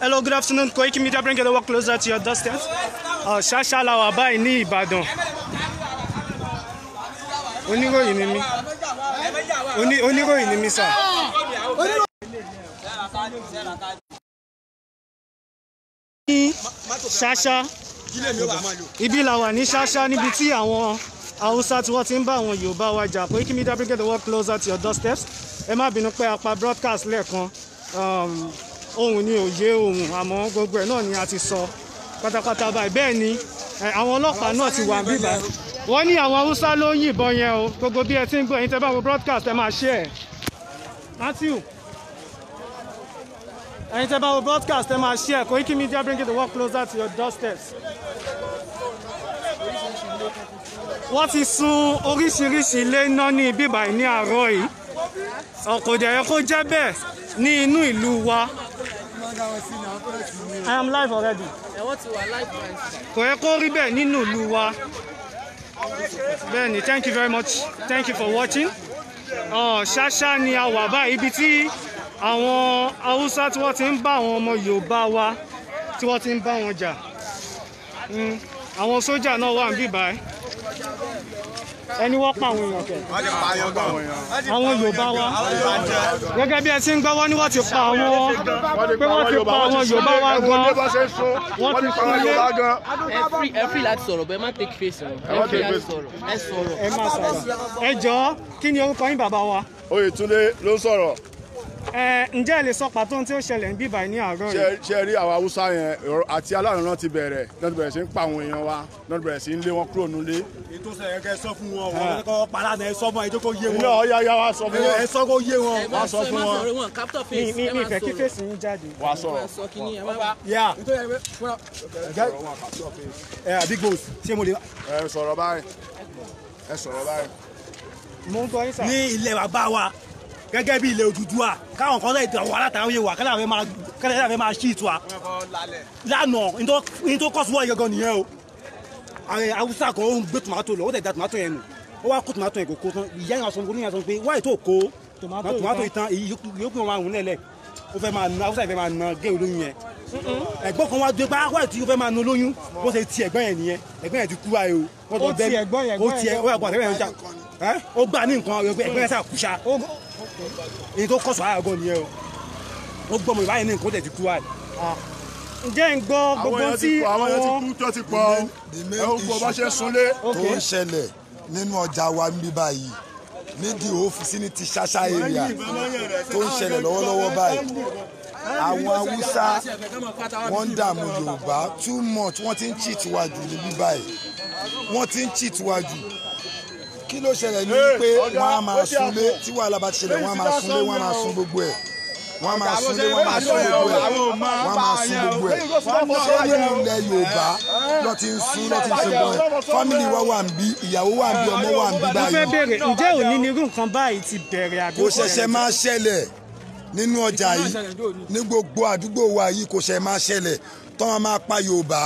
hello good afternoon Koiki Media bring your work closer to your doorstep uh, Shasha, la wà ni ní Ìbàdàn oníròyìn ni mí oníròyìn ni mí sà. ní Shasha. ibi la wà ní ṣáṣá níbi tí àwọn haúsá tí wọ́n ti ń bá àwọn yorùbá wa jà Koiki Media bring your work closer to your doorstep ẹ má bínú pé a broadcast lẹ́ẹ̀kan. Um, ohun ni òye ohun àmọ́ gbogbo ẹ̀ náà ni a ti sọ pátápátá báyìí bẹ́ẹ̀ ni àwọn ọlọ́pàá náà ti wà bíbá wọ́n ní àwọn haúsá ló ń yìnbọn yẹn o gbogbo bí ẹ ti ń gbọ́ ẹ̀yin tẹ́ bá wo broadcast ẹ máa ṣe ẹ̀ Matthew ẹ̀yin tẹ́ bá wo broadcast ẹ máa ṣe ẹ̀ Koiki Media bringing the work closer to your doorstep wọ́n ti sun oríṣiríṣi ilé iná ní bíbá ní àárọ̀ yìí ọ̀kọ̀dẹ̀ yẹ kó jẹ́ bẹ́ẹ̀ ní inú ìlú wa I am live already. Ẹ wọ́n ti live right now. Kò yẹ kó rí bẹ́ẹ̀ nínú ìlú wa. Bẹ́ẹ̀ni, thank you very much. Thank you for watching. Ṣáṣá ni a wà báyìí ibi tí àwọn Haúsá tí wọ́n ti ń bá àwọn ọmọ Yorùbá wa tí wọ́n ti ń bá wọn jà. Hmm, àwọn sójà náà wà níbí báyìí ẹni wọ́n pa àwọn èèyàn kẹ̀. àwọn Yorùbá wa gẹ́gẹ́ bí ẹ ti ń gbọ́ wọ́n ní wọ́n ti pa àwọn pé wọ́n ti pa àwọn Yorùbá wa gan wọ́n ti fún ilé. ẹ fi láti sọ̀rọ̀ bẹ́ẹ̀ má take face rẹ̀ ẹ fi sọ̀rọ̀ ẹ sọ̀rọ̀. ẹ máa kí ni orúkọ yín bàbá wa. Oyètúndé ló ń sọ̀rọ̀ ǹjẹ́ ẹ lè sọ pàtó tí ó ṣẹlẹ̀ ní bíbá ní àárọ̀ yìí. ṣe rí àwọn haúsá yẹn àti aláàrán ti bẹ̀rẹ̀ náà ti bẹ̀rẹ̀ sí ń pa àwọn èèyàn wa náà ti bẹ̀rẹ̀ sí ń lé wọn kúrò nílé. ètò sọ yẹn kẹ sọ fún wọn wọn kọ padà náà ẹ sọ fún ẹ jẹ kó yé wọn. náà ya ya wa sọ fún wọn. ẹ sọ kó yé wọn. wa sọ fún wọn. mi mi fẹ́ kí fèsì yín jáde. wa sọ̀rọ̀ ya ẹ big boss ṣé mo lè. ẹ sọ̀rọ̀ báyìí ẹ sọ̀rọ̀ báyìí. mo ń gbọ́ yín sà. ní ilé wa bá wa gẹ́gẹ́ bí ilẹ̀ Odùduwà káwọn kan lẹ́yìn tẹ̀wọ́ alátàwé wa kẹ́lẹ́ àfẹ́ máa ṣí ìtura lánàá ní tó kọ́sùwọ́ yìí gangan nìyẹn o ààrẹ Haúsá kan ó ń gbé tòmátò lọ ó dẹ̀ da tòmátò yẹn nù ó wá kó tòmátò yẹn kò kó tán ìyá yẹn sọ fún yẹn sọ pé wáyé tó kó tòmátò ìtàn ìyókù wọn àrùn lẹ́lẹ̀ ó fẹ́ máa na Haúsá yẹn fẹ́ máa na gé olóyún yẹn ẹ̀gbọ́n kan wá dé pa ah, wáyé tí ó fẹ́ máa na olóyún bó ṣe ti ẹ̀gbọ́n yẹn nìyẹn ẹ̀gbọ́n yẹn ti kú wáyé o ó ti ẹ̀gbọ́n yẹn ó ti ẹ̀gbọ́n yẹn ó gbà ní nǹkan ẹ̀gbọ́n yẹn sà kúṣà èyí tó kọ̀sọ̀ àgọ́ nìyẹn o ó gbọ́mọ ìbáyìí ní nǹkan tẹ̀ ti kú àì. Ah. ǹjẹ́ ń gbọ́ gbogbo tí wọ́n. àwọn yẹn ti kú tó ti pọ̀ ẹ ó gbọ́ bá ṣe súnlé. tó ń ṣẹlẹ̀ nínú ọjà wa ń báyìí nídìí òfìsí ní ti ṣáṣá area tó ń ṣẹlẹ̀ lọ́wọ́lọ́wọ́ báyìí àwọn haúsá wọ́n ń dààmú yorùbá too much wọ́n ti ń cheat wa níbí báyìí wọ́n ti ń cheat wa kí ló ṣẹlẹ̀ ní pé wọ́n á máa súnlé tí wàhálà bá ti ṣẹlẹ̀ wọ́n á máa súnlé wọ́n á máa sún gbogbo ẹ̀ wọ́n á máa súnlé wọ́n á máa sún gbogbo ẹ̀ wọ́n á máa sún gbogbo ẹ̀ ṣé ní ilẹ̀ Yorùbá lọ ti ń sún lọ ti ń ṣùgbọ́n ẹ̀ fámìlì wa wà ń bí ìyàwó wà ń bí ọmọ wà ń bí báyìí. mo fẹ́ bèrè ǹjẹ́ òní ni irú nínú ọjà yìí ní gbogbo àdúgbò wa yìí kò ṣẹ̀ máa ṣẹlẹ̀ tọ́wọ́n máa pa Yorùbá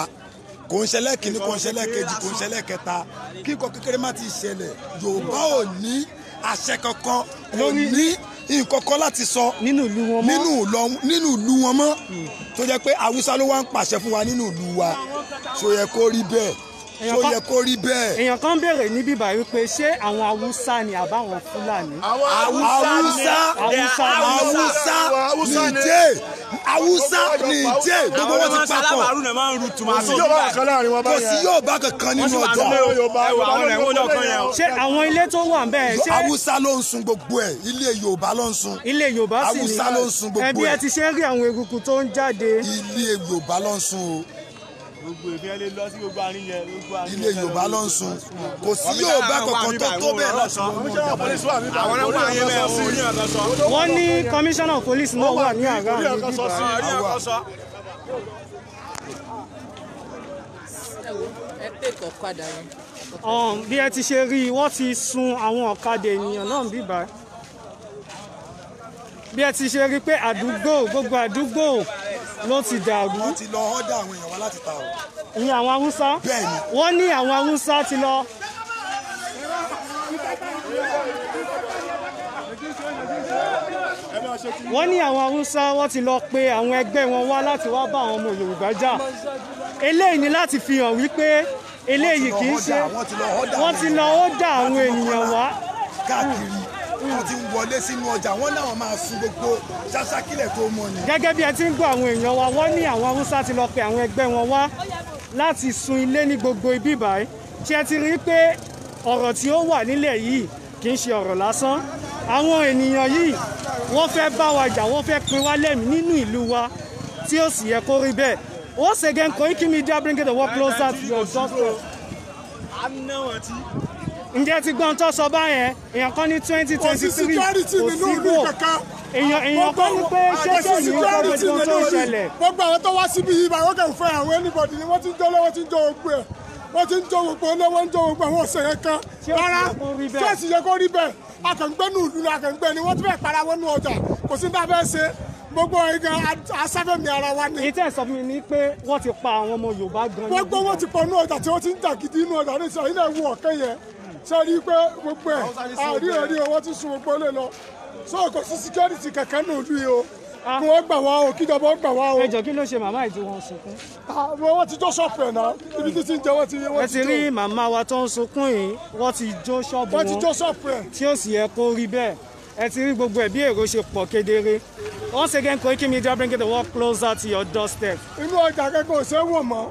kò ń ṣẹlẹ̀ kìíní kò ń ṣẹlẹ̀ kejì kò ń ṣẹlẹ̀ kẹta kíkọ kékeré má ti ṣẹlẹ̀ yorùbá ò ní àṣẹ kankan kò ní nǹkan kan láti sọ nínú ìlú wọn mọ́ nínú ìlú wọn mọ́ hmm. tó jẹ́ pé haúsá ló wá ń pàṣẹ fún wa nínú ìlú wa ṣó yẹ kó rí bẹ́ẹ̀ ṣó yẹ kó rí bẹ́ẹ̀. èèyàn kan béèrè ní bíbá wípé ṣé àwọn haúsá ni àbáwọn fúlàní. haúsá haúsá haúsá nìjẹ́. Hausa Niger gbogbo wọn ti papọ̀ kò sí yóò bá kankan nínú ọjọ́ ṣé àwọn ilé tó wà bẹ́ẹ̀ ṣé Hausa ló ń sun gbogbo ẹ̀ ilé Yorùbá ló ń sun ilé Yorùbá sì ni Hausa ló ń sun gbogbo ẹ̀ ẹbí ẹ ti ṣe rí àwọn eruku tó ń jáde ilé Yorùbá ló ń sun o gbogbo ìfẹ́ lè lọ sí gbogbo àárín yẹn gbogbo àárín yẹn. ilé yorùbá ló ń sun kò sí yorùbá kankan tó tó bẹ́ẹ̀ lọ́sùn. wọ́n ní kọmíṣánná pólísì náà wà ní àgbà níbí báyìí. bí ẹ ti ṣe rí i wọ́n ti sun àwọn ọ̀kadà ènìyàn náà bí báyìí bí ẹ ti ṣe rí i pé àdúgbò gbogbo àdúgbò ló ti dàrú. wọ́n ti lọ ọ́dà àwọn èèyàn wá láti ta o. ìyẹn àwọn haúsá. bẹ́ẹ̀ni. wọ́n ní àwọn haúsá ti lọ. wọ́n ní àwọn haúsá wọ́n ti lọ pe àwọn ẹgbẹ́ wọn wá láti wá bá àwọn ọmọ yorùbá jà eléyìí ni láti fi hàn wípé eléyìí kì í ṣe wọ́n ti lọ ọ́dà àwọn ènìyàn wá. káàkiri táwọn ti ń wọlé sínú ọjà wọ́n náà máa sun gbogbo ṣáṣákílẹ̀ tó mọ ni. gẹ́gẹ́ bí ẹ ti ń gbọ́ àwọn èèyàn wa wọ́n ní àwọn haúsá ti lọ pe àwọn ẹgbẹ́ wọn wá láti sun ilé ní gbogbo ibi ìbáyìí tí ẹ ti rí pé ọ̀rọ̀ tí ó wà nílẹ̀ yìí kì í ṣe ọ̀rọ̀ lásán àwọn ènìyàn yìí wọ́n fẹ́ bá wa jà wọ́n fẹ́ pin wá lẹ́mìí nínú ìlú wa tí ó sì yẹ kó rí bẹ́ẹ̀ once again Koiki Media bring the work closer to your doorstep ǹjẹ́ ti gbọ́n tó sọ báyẹn èèyàn kan ní twenty twenty three kò sí bò èèyàn èèyàn kan ní pé ṣẹ́ṣẹ́ ní gbogbo gbọ́n tó ń ṣẹlẹ̀. gbogbo àwọn tó wá síbi yìí bàrọ̀ kẹ̀ fẹ́ àwọn anybody ni wọ́n ti ń jó lọ́wọ́ ti ń jó gbogbo ẹ̀ wọ́n ti ń jó gbogbo olówó ń jó gbogbo àwọn ọ̀sẹ̀ yẹn kan rárá ṣẹ́ẹ̀sì yẹ kó rí bẹ́ẹ̀ akẹ̀ǹgbẹ́ nù ìlú akẹ̀ǹgbẹ́ ni wọ́n ti fẹ́ para wọn nù ọjà kò sí bá fẹ́ ṣe gbogbo ìgbà asáfẹ́mi ara wa ni. ìtẹ́ sọ fún mi ni pé wọ́n ti pa àwọn ọmọ Yorùbá gan-an. gbogbo wọn ti pọ̀ nù ọjà tí wọ́n ti ń jà gidi nù ọjà ní ìsọ̀rọ̀ ilé ìwọ̀ ọ̀kẹ́ yẹn ṣe rí i pé gbogbo ẹ̀ àríyàn rí owó tí sun gbogbo lè lọ so kò sí security kankan ní ìlú yìí o kí wọ́n gbà wá o kíjọba ó gbà wá o. ẹjọ kí ló ṣe màmá ìdí wọn sunkún. wọ́n ti jó ṣọ́ọ̀bù ẹ̀ náà ibi tí ti ń jẹ wọ́n ti jó. ẹ ti rí màmá wa tó ń sunkún yìí wọ́n ti jó ṣọ́ọ̀bù wọn wọ́n ti jó ṣọ́ọ̀bù ẹ̀. tí ó sì yẹ kó rí bẹ́ẹ̀ ẹ ti rí gbogbo ẹ̀ bí èrò ṣe pọ̀ kedere once again Koiki Media bring the world closer to your doorstep. inú ọjà kẹkọọ ò ṣe é wọ̀ mọ́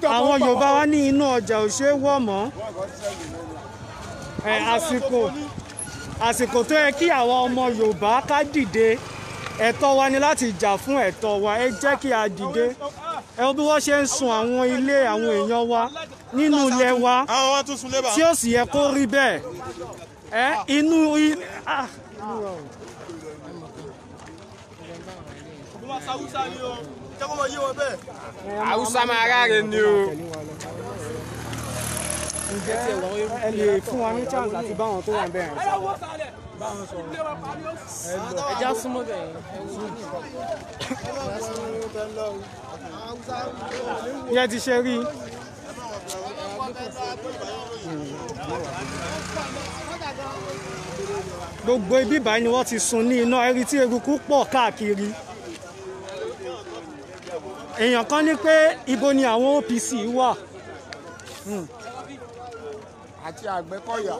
àwọn Yorùbá wa ní inú ọjà ò ṣe é wọ̀ mọ́ àsìkò àsìkò tó yẹ kí àwa ọmọ Yorùbá ká dìde ẹ̀tọ́ wa ni láti jà fún ẹ̀tọ́ wa ẹ jẹ́ kí a dìde ẹ bí wọ́n ṣe ń sun àwọn ilé àwọn èèyàn wa nínú ilẹ̀ wa tí ó sì yẹ kó rí bẹ́ẹ̀ ẹ inú ilé. Awúsá máa ráre ni o ǹjẹ́ ẹ lè fún wa ní chance àti báwọn tó wà ń bẹ̀rẹ̀ báwọn já súnmọ́ bẹ̀ yẹn. yẹ ti ṣe rí i. gbogbo ibi báyìí ni wọ́n ti sun ní iná ẹ̀rí tí eruku pọ̀ káàkiri èèyàn kan ní pé ibo ni àwọn OPC wà. Hmm àti àgbẹ̀kọ̀yà.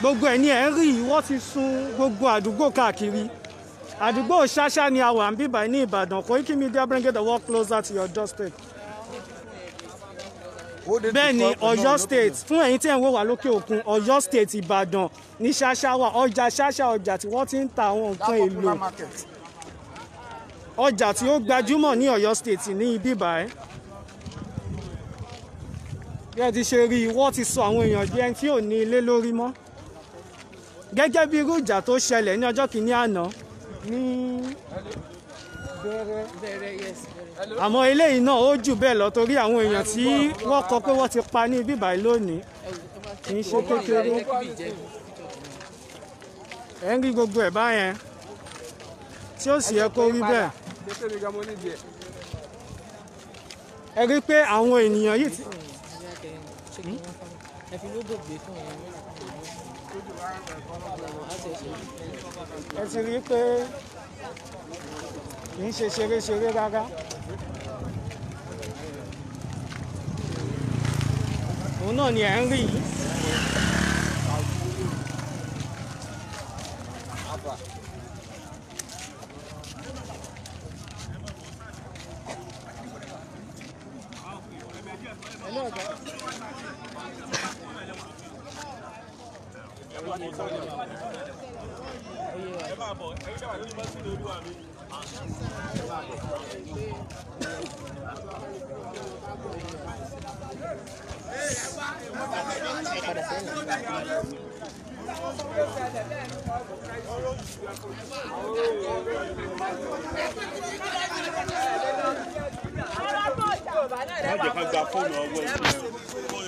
gbogbo ẹ̀ ní ẹ̀ ń rí wọ́n ti sun gbogbo àdúgbò káàkiri àdúgbò ṣáṣá ni a wà ń bíbà ní Ìbàdàn Koiki Media bring the world closer to your doorstep. bẹ́ẹ̀ ni Ọ̀yọ́ state fún ẹ̀yin tí ẹ̀ ń wò wá lókè òkun Ọ̀yọ́ state Ìbàdàn ní ṣáṣá wà ọjà ṣáṣá ọjà tí wọ́n ti ń ta àwọn nǹkan èlò ọjà tí ó gbajúmọ̀ ní Ọ̀yọ́ state ní ibí báyìí bí ẹ ti ṣe rí i wọ́n ti sọ àwọn èèyàn bí ẹni tí ò ní ilé lórí mọ́ gẹ́gẹ́ bí irú ìjà tó ṣẹlẹ̀ ní ọjọ́ kìíní àná ní àmọ́ eléyìí náà ó jù bẹ́ẹ̀ lọ torí àwọn èèyàn tí wọ́n kọ pé wọ́n ti pa ní ibí báyìí lónìí kì í ṣe kékeré ẹ̀ ń rí gbogbo ẹ̀ báyẹn tí ó sì yẹ kó rí bẹ́ẹ̀ ẹ rí pé àwọn ènìyàn yìí ti. Hmm? ẹ ti rí pé kì í ṣe ṣeré-ṣeré rárá. òun náà ni ẹ̀ ń rí yìí. ẹ bá bọ̀ ẹ̀yin náà wà nínú bá sí ní olúwa mi. padà sẹ́yìn. Because I phone always.